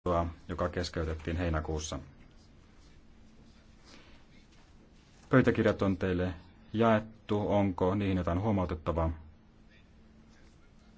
keskustelua, joka keskeytettiin heinäkuussa. Pöytäkirjat on teille jaettu. Onko niihin jotain huomautettavaa?